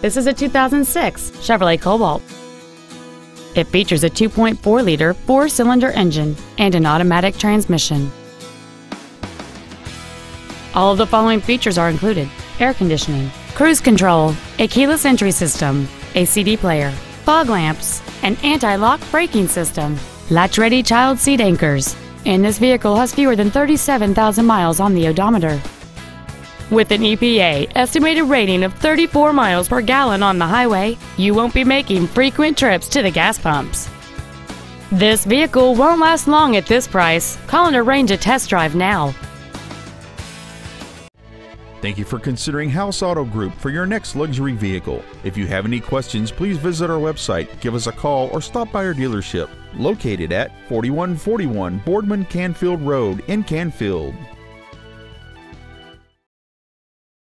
This is a 2006 Chevrolet Cobalt. It features a 2.4-liter four-cylinder engine and an automatic transmission. All of the following features are included. Air conditioning, cruise control, a keyless entry system, a CD player, fog lamps, an anti-lock braking system, latch-ready child seat anchors, and this vehicle has fewer than 37,000 miles on the odometer. With an EPA estimated rating of 34 miles per gallon on the highway, you won't be making frequent trips to the gas pumps. This vehicle won't last long at this price. Call and arrange a test drive now. Thank you for considering House Auto Group for your next luxury vehicle. If you have any questions, please visit our website, give us a call, or stop by our dealership located at 4141 Boardman Canfield Road in Canfield.